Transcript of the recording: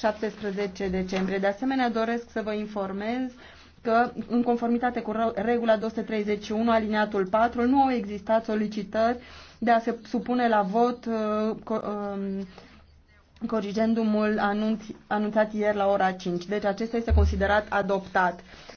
17 decembrie. De asemenea, doresc să vă informez că, în conformitate cu regula 231, alineatul 4, nu au existat solicitări de a se supune la vot uh, um, corigendumul anunț, anunțat ieri la ora 5. Deci acesta este considerat adoptat.